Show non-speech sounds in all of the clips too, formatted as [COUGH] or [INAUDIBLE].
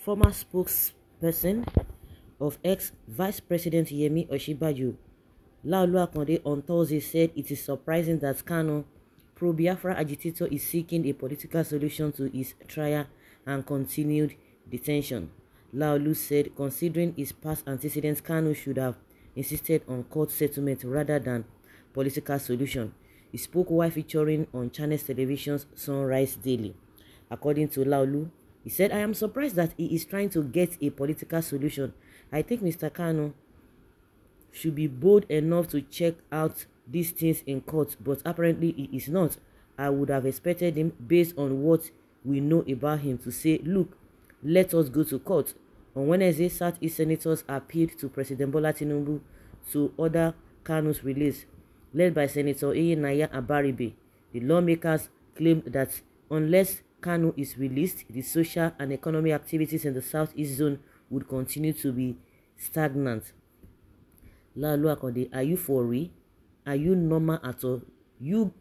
former spokesperson of ex-Vice President Yemi Oshibanjo, Laolu Akonde, on Thursday said it is surprising that Kanu, pro-Biafra agitator, is seeking a political solution to his trial and continued detention. Laolu said, considering his past antecedents, Kanu should have insisted on court settlement rather than political solution. He spoke while featuring on Chinese television's Sunrise Daily. According to Laolu, He said, I am surprised that he is trying to get a political solution. I think Mr. Kano should be bold enough to check out these things in court, but apparently he is not. I would have expected him, based on what we know about him, to say, look, let us go to court. On Wednesday, Southeast senators appealed to President Bola Tinubu to order Kano's release, led by Senator Iyenaya Abaribe. The lawmakers claimed that unless Kanu is released, the social and economic activities in the southeast zone would continue to be stagnant. Lalu, Akonde, are you for real? Are you normal at all? You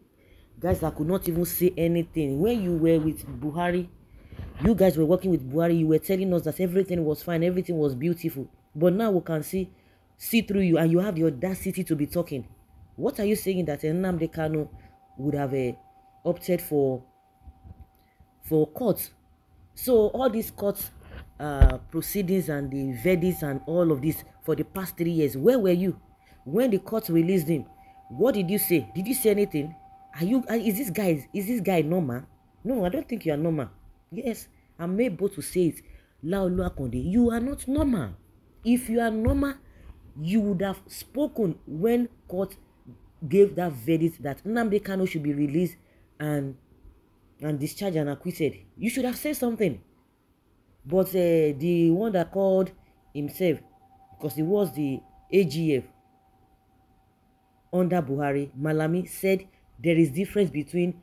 guys that could not even say anything. When you were with Buhari, you guys were working with Buhari, you were telling us that everything was fine, everything was beautiful. But now we can see see through you and you have the audacity to be talking. What are you saying that Enamde Kanu would have uh, opted for for court so all these court uh, proceedings and the verdicts and all of this for the past three years where were you when the court released him what did you say did you say anything are you is this guy is this guy normal no i don't think you are normal yes i'm able to say it laolu akonde you are not normal if you are normal you would have spoken when court gave that verdict that nnamdi kanu should be released and and discharged and acquitted. You should have said something. But uh, the one that called himself, because he was the AGF under Buhari, Malami said there is difference between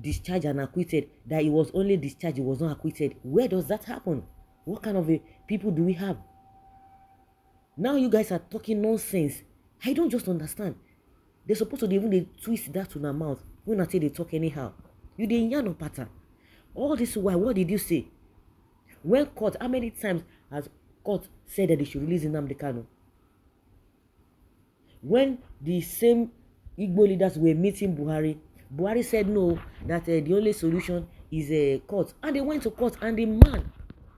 discharged and acquitted, that he was only discharged, he was not acquitted. Where does that happen? What kind of a people do we have? Now you guys are talking nonsense. I don't just understand. They're supposed to even they twist that to their mouth when I say they talk anyhow. you dey yarn on pattern all this while what did you say when court how many times has court said that they should release Nnamdi Kanu when the same Igbo leaders were meeting Buhari Buhari said no that uh, the only solution is a uh, court and they went to court and the man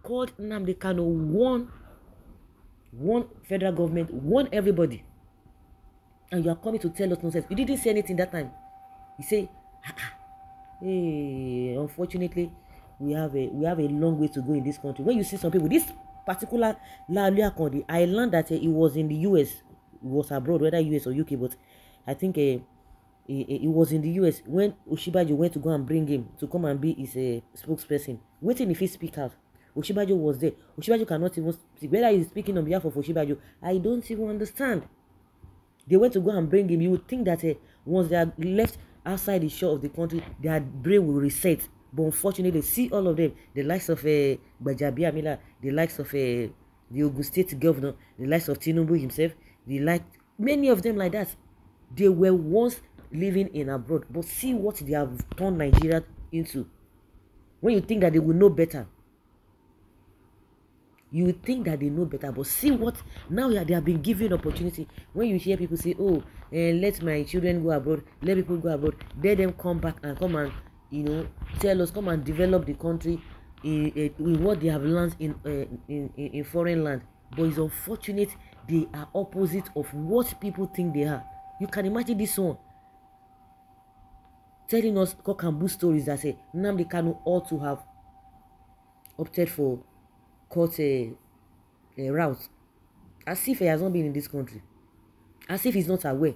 called Nnamdi Kanu won. Won federal government won everybody and you are coming to tell us nonsense you didn't say anything that time you say ah, ah hey, unfortunately we have a we have a long way to go in this country when you see some people this particular Lauli Akande I learned that uh, he was in the US was abroad whether US or UK but I think uh, he, he was in the US when Oshibajo went to go and bring him to come and be his uh, spokesperson waiting if he speak out Oshibajo was there Oshibajo cannot even speak whether is speaking on behalf of Oshibajo I don't even understand they went to go and bring him you would think that uh, once they are left outside the shore of the country their brain will reset but unfortunately see all of them the likes of uh, eh, Gbajabi Amila the likes of uh, the Ogun State governor the likes of Tinubu himself the like many of them like that they were once living in abroad but see what they have turned Nigeria into when you think that they will know better you think that they know better but see what now they have been given opportunity when you hear people say oh eh, let my children go abroad let people go abroad let them come back and come and you know tell us come and develop the country in, in, eh, in what they have learned in, uh, in, in foreign land but it's unfortunate they are opposite of what people think they are you can imagine this one telling us kokambu stories that say nnamdi kanu ought to have opted for cut a, a route as if he has not been in this country as if he's not aware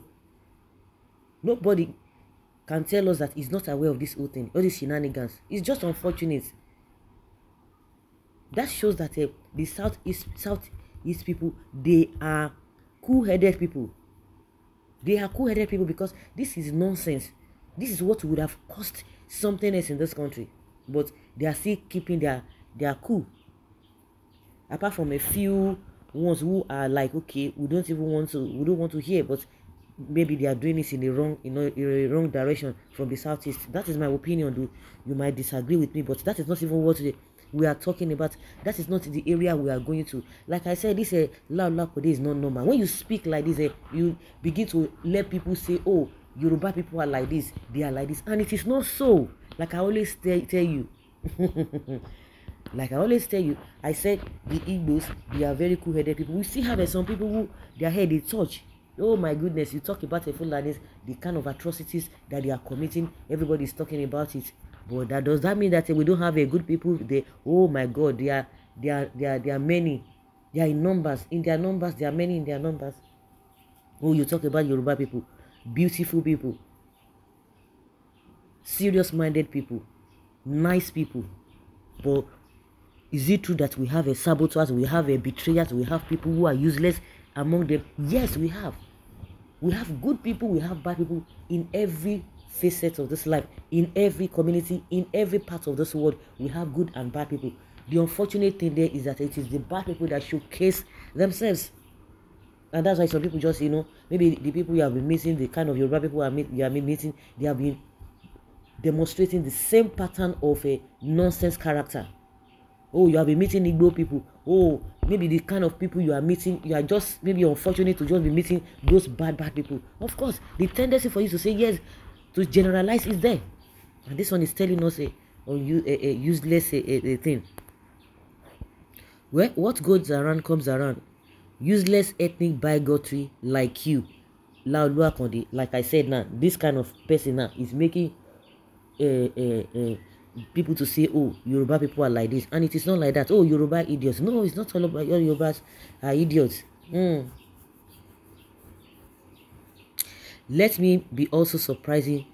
nobody can tell us that he's not aware of this whole thing all these shenanigans it's just unfortunate that shows that uh, the South southeast people they are cool-headed people they are cool-headed people because this is nonsense this is what would have cost something else in this country but they are still keeping their their cool apart from a few ones who are like okay we don't even want to we don't want to hear but maybe they are doing this in the wrong you know in the wrong direction from the southeast that is my opinion though you might disagree with me but that is not even what we are talking about that is not the area we are going to like i said this a uh, eh, loud today is not normal when you speak like this uh, you begin to let people say oh yoruba people are like this they are like this and it is not so like i always tell, tell you [LAUGHS] Like I always tell you, I said the Igbos, they are very cool-headed people. We still have eh, some people who their head they touch. Oh my goodness, you talk about a fullness the kind of atrocities that they are committing, everybody is talking about it. But that does that mean that eh, we don't have a good people? They oh my god, they are they are they are they are many. They are in numbers. In their numbers, they are many in their numbers. Oh, you talk about Yoruba people, beautiful people, serious-minded people, nice people, but is it true that we have a saboteurs, we have a betrayers, we have people who are useless among them? Yes, we have. We have good people, we have bad people in every facet of this life, in every community, in every part of this world. We have good and bad people. The unfortunate thing there is that it is the bad people that showcase themselves. And that's why some people just, you know, maybe the people you have been meeting, the kind of your people you have been meeting, they have been demonstrating the same pattern of a nonsense character oh you have been meeting igbo people oh maybe the kind of people you are meeting you are just maybe unfortunate to just be meeting those bad bad people of course the tendency for you to say yes to generalize is there and this one is telling us a, a, a, useless a, a thing well what goes around comes around useless ethnic bigotry like you Laudua Kondi, like I said now, this kind of person now is making a, a, a people to say, oh, Yoruba people are like this. And it is not like that. Oh, Yoruba idiots. No, it's not all about your Yorubas are idiots. Mm. Let me be also surprising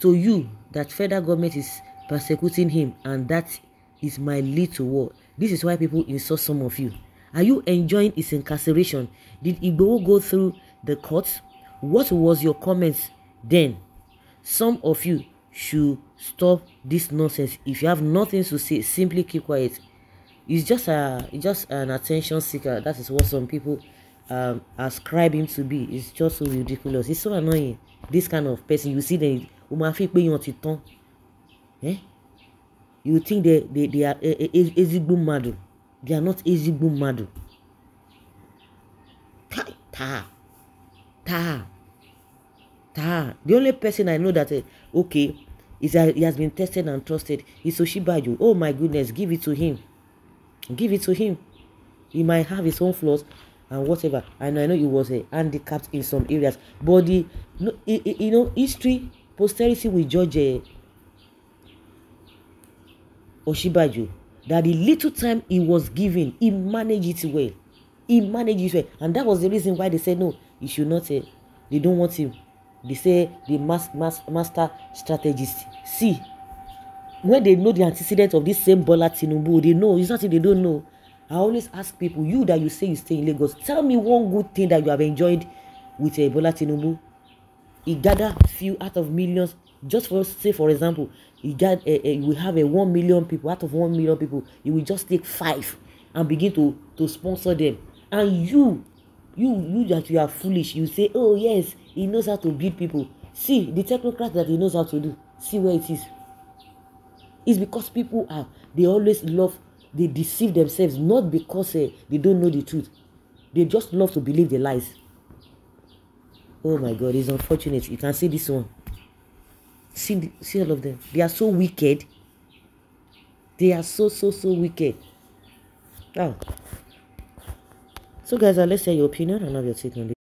to you that federal government is persecuting him and that is my lead to war. This is why people insult some of you. Are you enjoying his incarceration? Did Igbo go through the courts? What was your comments then? Some of you should stop this nonsense if you have nothing to say simply keep quiet it's just a just an attention seeker that is what some people um ascribe him to be it's just so ridiculous it's so annoying this kind of person you see them o ma fi eh you think they they they are eh, eh, ezigbo mmadụ they are not easy boom mmadụ Ta, ta, ta. the only person i know that uh, okay He has been tested and trusted. It's Oshibaju. Oh my goodness, give it to him. Give it to him. He might have his own flaws and whatever. And I know he was a uh, handicapped in some areas. But the, you know, history, posterity will judge uh, Oshibaju that the little time he was given, he managed it well. He managed it well. And that was the reason why they said, no, he should not, uh, they don't want him They say the mas mas master strategist see when they know the antecedent of this same Bola Tinubu they know it's not nothing they don't know I always ask people you that you say you stay in Lagos tell me one good thing that you have enjoyed with uh, Bola Tinubu he gather few out of millions just for say for example you get uh, uh, you have a uh, eh, one million people out of one million people you will just take five and begin to to sponsor them and you you you that you are foolish you say oh yes he knows how to beat people see the technocrat that he knows how to do see where it is it's because people are they always love they deceive themselves not because uh, they don't know the truth they just love to believe the lies oh my god it's unfortunate you can see this one see see all of them they are so wicked they are so so so wicked now oh. So guys, uh, let's hear your opinion. I love your take on